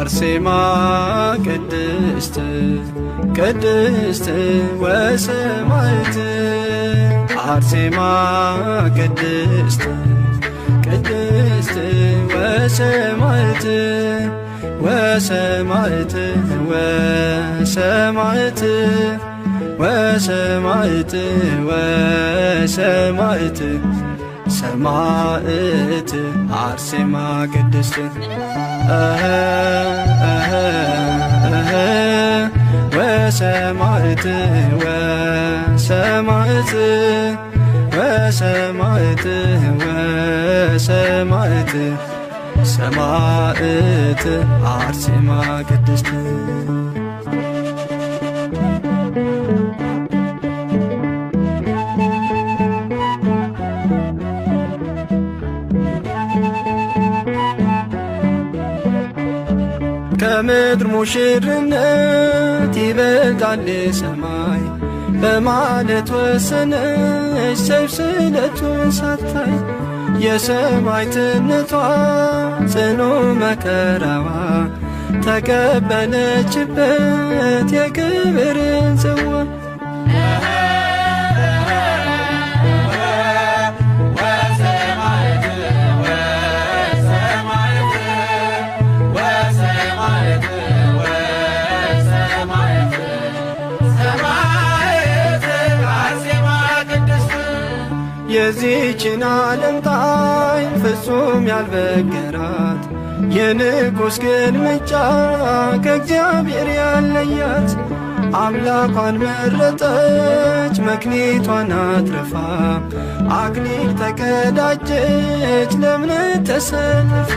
አርሴማ ቅድስት ቅድስት ወሰማዕት አርሴማ ቅድስት ቅድስት ወሰማዕት ወሰማዕት ወሰማዕት ወሰማዕት ወሰማዕት ሰማእት አርሴማ ቅድስት ወሰማዕት ወሰማዕት ወሰማዕት ወሰማዕት ሰማዕት አርሴማ ቅድስት ከምድር ሙሽርነት ይበልጣል ሰማይ በማለት ወሰነች ሰይፍ ስለቱን ሳታይ የሰማዕትነቷ ጽኑ መከራዋ ተቀበለችበት የክብርን ጽዋ የዚችን ዓለም ጣይ ፍጹም ያልበገራት የንጉሥ ምጫ ከእግዚአብሔር ያለያት አምላኳን መረጠች መክኒቷን አትረፋ አክሊል ተቀዳጀች ለእምነት ተሰልፋ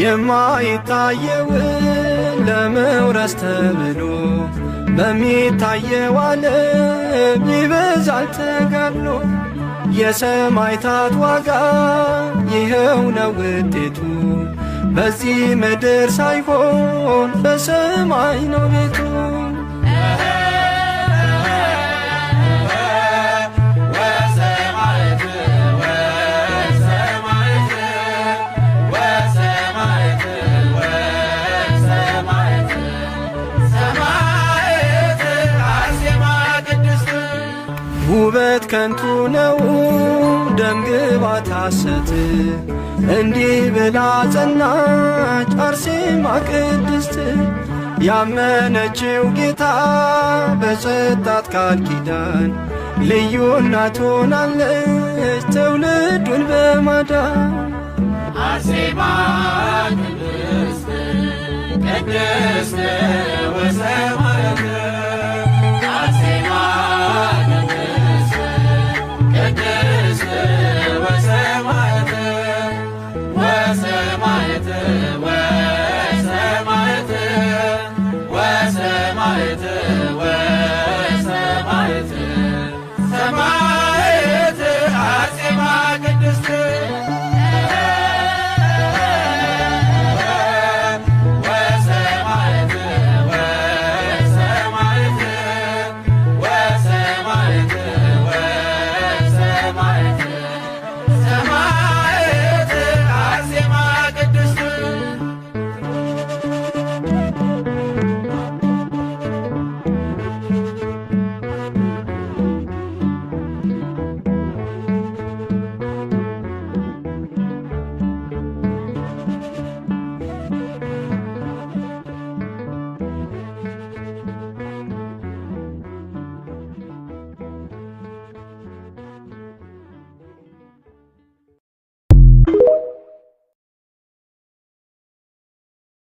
የማይታየውን ለመውረስ ተብሎ በሚታየው ዓለም ይበዛል ተጋድሎ። የሰማዕታት ዋጋ ይኸው ነው ውጤቱ፣ በዚህ ምድር ሳይሆን በሰማይ ነው ቤቱ። ውበት ከንቱ ነው ደምግባት ሐሰት እንዲህ ብላ ጸናች አርሴማ ቅድስት ያመነችው ጌታ በጽጣት ቃል ኪዳን ልዩ እናት ሆናለች ትውልዱን በማዳን አርሴማ ቅድስት ቅድስት Friday.